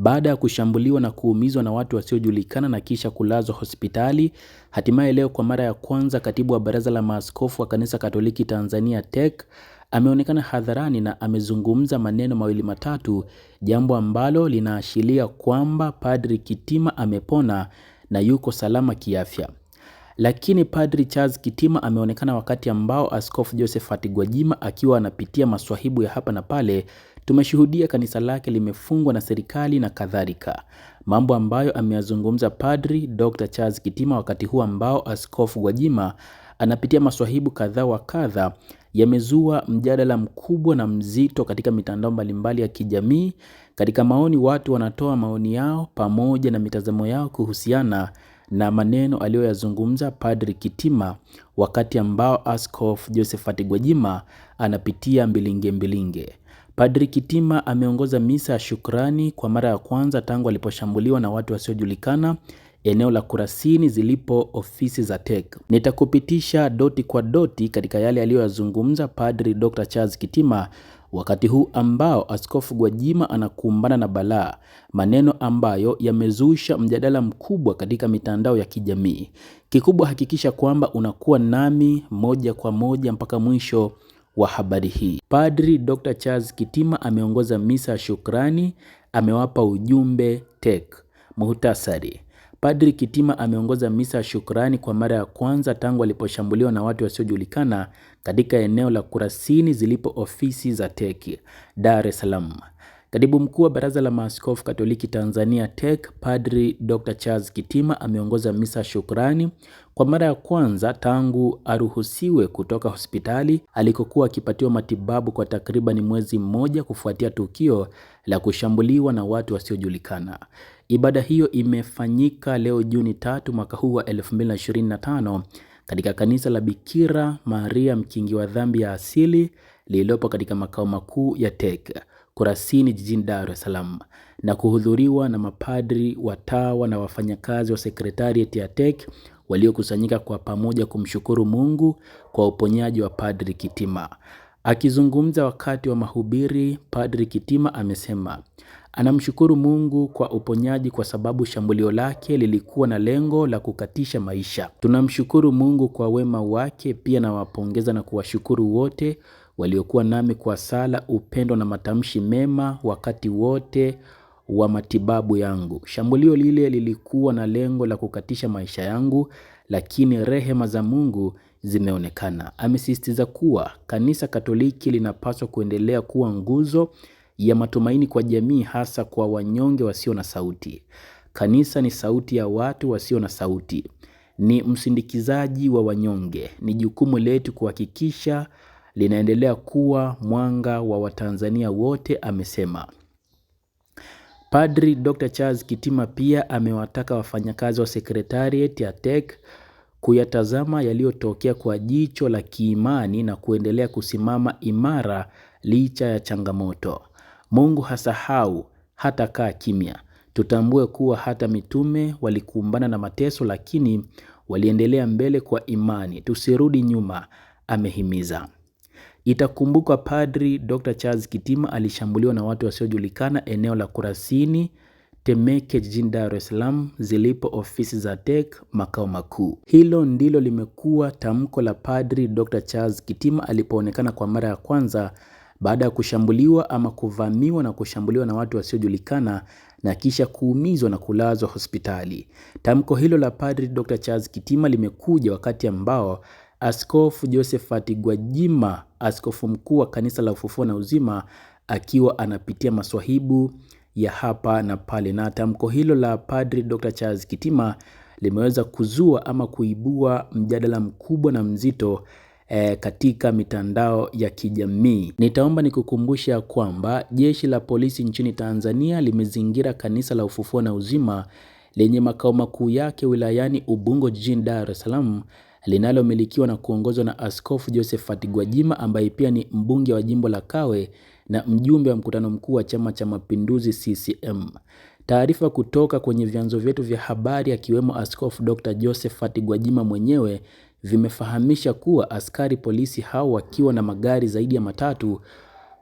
baada ya kushambuliwa na kuumizwa na watu wasiojulikana na kisha kulazwa hospitali. Hatimaye leo kwa mara ya kwanza, katibu wa Baraza la Maaskofu wa Kanisa Katoliki Tanzania TEC ameonekana hadharani na amezungumza maneno mawili matatu, jambo ambalo linaashiria kwamba Padri Kitima amepona na yuko salama kiafya. Lakini Padri Charles Kitima ameonekana wakati ambao Askofu Josephat Gwajima akiwa anapitia maswahibu ya hapa na pale Tumeshuhudia kanisa lake limefungwa na serikali na kadhalika, mambo ambayo ameyazungumza Padri Dr. Charles Kitima wakati huu ambao Askofu Gwajima anapitia maswahibu kadha wa kadha yamezua mjadala mkubwa na mzito katika mitandao mbalimbali ya kijamii. Katika maoni, watu wanatoa maoni yao pamoja na mitazamo yao kuhusiana na maneno aliyoyazungumza Padri Kitima wakati ambao Askofu Josephat Gwajima anapitia mbilinge mbilinge. Padri Kitima ameongoza misa ya shukrani kwa mara ya kwanza tangu aliposhambuliwa na watu wasiojulikana eneo la Kurasini zilipo ofisi za TEC. Nitakupitisha doti kwa doti katika yale aliyoyazungumza Padri Dr. Charles Kitima wakati huu ambao Askofu Gwajima anakumbana na balaa, maneno ambayo yamezusha mjadala mkubwa katika mitandao ya kijamii. Kikubwa hakikisha kwamba unakuwa nami moja kwa moja mpaka mwisho wa habari hii. Padri Dr. Charles Kitima ameongoza misa ya shukrani, amewapa ujumbe tek. Muhtasari. Padri Kitima ameongoza misa ya shukrani kwa mara ya kwanza tangu aliposhambuliwa na watu wasiojulikana katika eneo la Kurasini zilipo ofisi za teki Dar es Salaam. Katibu mkuu wa Baraza la Maaskofu Katoliki Tanzania TEC Padri Dr. Charles Kitima ameongoza misa shukrani kwa mara ya kwanza tangu aruhusiwe kutoka hospitali alikokuwa akipatiwa matibabu kwa takriban mwezi mmoja kufuatia tukio la kushambuliwa na watu wasiojulikana. Ibada hiyo imefanyika leo Juni tatu mwaka huu wa 2025 katika kanisa la Bikira Maria mkingi wa dhambi ya asili lililopo katika makao makuu ya TEC Kurasini jijini Dar es Salaam na kuhudhuriwa na mapadri, watawa na wafanyakazi wa sekretarieti ya TEC waliokusanyika kwa pamoja kumshukuru Mungu kwa uponyaji wa Padri Kitima. Akizungumza wakati wa mahubiri, Padri Kitima amesema anamshukuru Mungu kwa uponyaji kwa sababu shambulio lake lilikuwa na lengo la kukatisha maisha. Tunamshukuru Mungu kwa wema wake. Pia nawapongeza na kuwashukuru wote waliokuwa nami kwa sala, upendo na matamshi mema wakati wote wa matibabu yangu. Shambulio lile lilikuwa na lengo la kukatisha maisha yangu, lakini rehema za Mungu zimeonekana. Amesisitiza kuwa Kanisa Katoliki linapaswa kuendelea kuwa nguzo ya matumaini kwa jamii, hasa kwa wanyonge wasio na sauti. Kanisa ni sauti ya watu wasio na sauti, ni msindikizaji wa wanyonge. Ni jukumu letu kuhakikisha linaendelea kuwa mwanga wa Watanzania wote, amesema. Padri Dr. Charles Kitima pia amewataka wafanyakazi wa Sekretariat ya TEC kuyatazama yaliyotokea kwa jicho la kiimani na kuendelea kusimama imara licha ya changamoto. Mungu hasahau hata kaa kimya. Tutambue kuwa hata mitume walikumbana na mateso, lakini waliendelea mbele kwa imani. Tusirudi nyuma, amehimiza. Itakumbuka Padri Dr. Charles Kitima alishambuliwa na watu wasiojulikana eneo la Kurasini, Temeke jijini Dar es Salaam zilipo ofisi za TEC makao makuu. Hilo ndilo limekuwa tamko la Padri Dr. Charles Kitima alipoonekana kwa mara ya kwanza baada ya kushambuliwa ama kuvamiwa na kushambuliwa na watu wasiojulikana na kisha kuumizwa na kulazwa hospitali. Tamko hilo la Padri Dr. Charles Kitima limekuja wakati ambao Askofu Josephat Gwajima, askofu mkuu wa kanisa la Ufufuo na Uzima, akiwa anapitia maswahibu ya hapa na pale, na tamko hilo la Padri Dr. Charles Kitima limeweza kuzua ama kuibua mjadala mkubwa na mzito E, katika mitandao ya kijamii nitaomba nikukumbusha kwamba jeshi la polisi nchini Tanzania limezingira kanisa la Ufufuo na Uzima lenye makao makuu yake wilayani Ubungo jijini Dar es Salaam linalomilikiwa na kuongozwa na Askofu Josephat Gwajima ambaye pia ni mbunge wa jimbo la Kawe na mjumbe wa mkutano mkuu wa Chama cha Mapinduzi CCM. Taarifa kutoka kwenye vyanzo vyetu vya habari akiwemo Askofu Dr. Josephat Gwajima mwenyewe vimefahamisha kuwa askari polisi hao wakiwa na magari zaidi ya matatu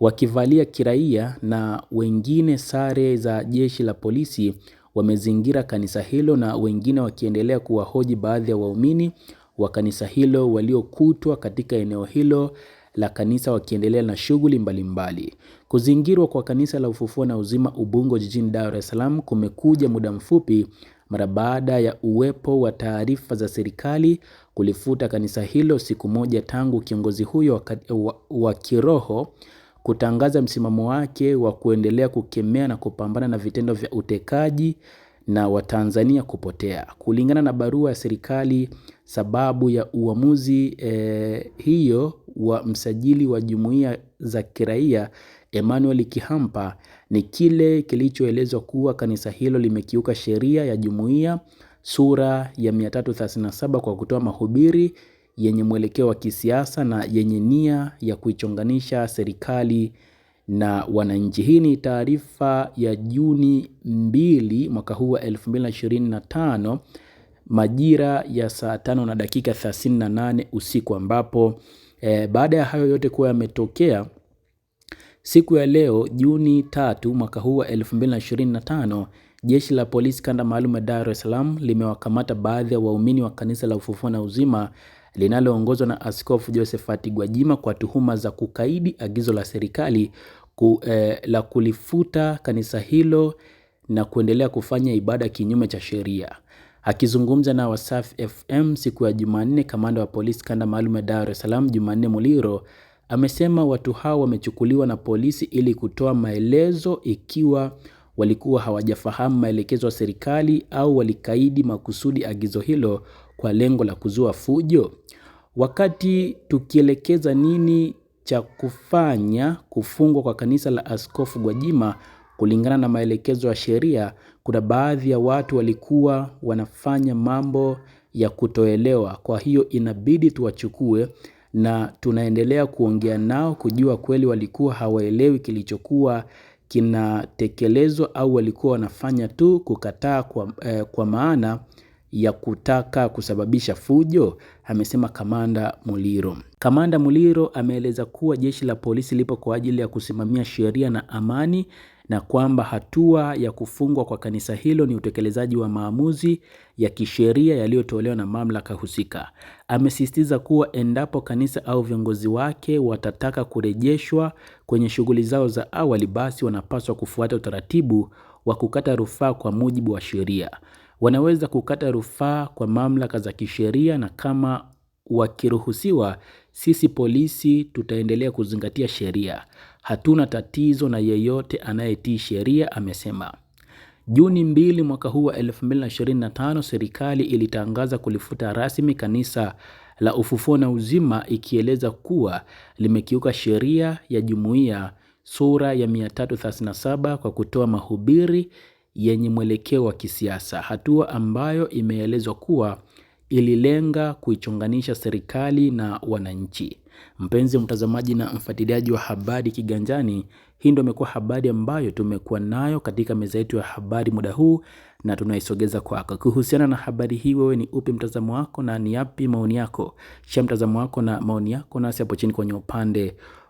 wakivalia kiraia na wengine sare za jeshi la polisi wamezingira kanisa hilo na wengine wakiendelea kuwahoji baadhi ya waumini wa kanisa hilo waliokutwa katika eneo hilo la kanisa wakiendelea na shughuli mbalimbali. Kuzingirwa kwa kanisa la Ufufuo na Uzima Ubungo jijini Dar es Salaam kumekuja muda mfupi mara baada ya uwepo wa taarifa za serikali kulifuta kanisa hilo siku moja tangu kiongozi huyo wa kiroho kutangaza msimamo wake wa kuendelea kukemea na kupambana na vitendo vya utekaji na Watanzania kupotea. Kulingana na barua ya serikali, sababu ya uamuzi eh, hiyo wa msajili wa jumuiya za kiraia Emmanuel Kihampa ni kile kilichoelezwa kuwa kanisa hilo limekiuka sheria ya jumuiya sura ya 337 kwa kutoa mahubiri yenye mwelekeo wa kisiasa na yenye nia ya kuichonganisha serikali na wananchi. Hii ni taarifa ya Juni 2 mwaka huu wa 2025 majira ya saa tano na dakika 38 usiku, ambapo e, baada ya hayo yote kuwa yametokea siku ya leo Juni tatu mwaka huu wa 2025 jeshi la polisi kanda maalum ya Dar es Salaam limewakamata baadhi ya waumini wa kanisa la Ufufuo na Uzima linaloongozwa na Askofu Josephat Gwajima kwa tuhuma za kukaidi agizo la serikali ku, eh, la kulifuta kanisa hilo na kuendelea kufanya ibada kinyume cha sheria. Akizungumza na Wasafi FM siku ya Jumanne, kamanda wa polisi kanda maalum ya Dar es Salaam Jumanne Muliro amesema watu hao wamechukuliwa na polisi ili kutoa maelezo ikiwa walikuwa hawajafahamu maelekezo ya serikali au walikaidi makusudi agizo hilo kwa lengo la kuzua fujo wakati tukielekeza nini cha kufanya kufungwa kwa kanisa la Askofu Gwajima kulingana na maelekezo ya sheria, kuna baadhi ya watu walikuwa wanafanya mambo ya kutoelewa. Kwa hiyo inabidi tuwachukue na tunaendelea kuongea nao kujua kweli walikuwa hawaelewi kilichokuwa kinatekelezwa au walikuwa wanafanya tu kukataa kwa, eh, kwa maana ya kutaka kusababisha fujo, amesema Kamanda Muliro. Kamanda Muliro ameeleza kuwa jeshi la polisi lipo kwa ajili ya kusimamia sheria na amani na kwamba hatua ya kufungwa kwa kanisa hilo ni utekelezaji wa maamuzi ya kisheria yaliyotolewa na mamlaka husika. Amesisitiza kuwa endapo kanisa au viongozi wake watataka kurejeshwa kwenye shughuli zao za awali, basi wanapaswa kufuata utaratibu wa kukata rufaa kwa mujibu wa sheria wanaweza kukata rufaa kwa mamlaka za kisheria, na kama wakiruhusiwa, sisi polisi tutaendelea kuzingatia sheria. Hatuna tatizo na yeyote anayetii sheria, amesema. Juni mbili mwaka huu wa 2025 serikali ilitangaza kulifuta rasmi kanisa la Ufufuo na Uzima ikieleza kuwa limekiuka sheria ya jumuiya sura ya 337 kwa kutoa mahubiri yenye mwelekeo wa kisiasa, hatua ambayo imeelezwa kuwa ililenga kuichonganisha serikali na wananchi. Mpenzi mtazamaji na mfuatiliaji wa habari Kiganjani, hii ndio imekuwa habari ambayo tumekuwa nayo katika meza yetu ya habari muda huu na tunaisogeza kwako. Kuhusiana na habari hii, wewe ni upi mtazamo wako na ni yapi maoni yako? Shia mtazamo wako na maoni yako nasi hapo chini kwenye upande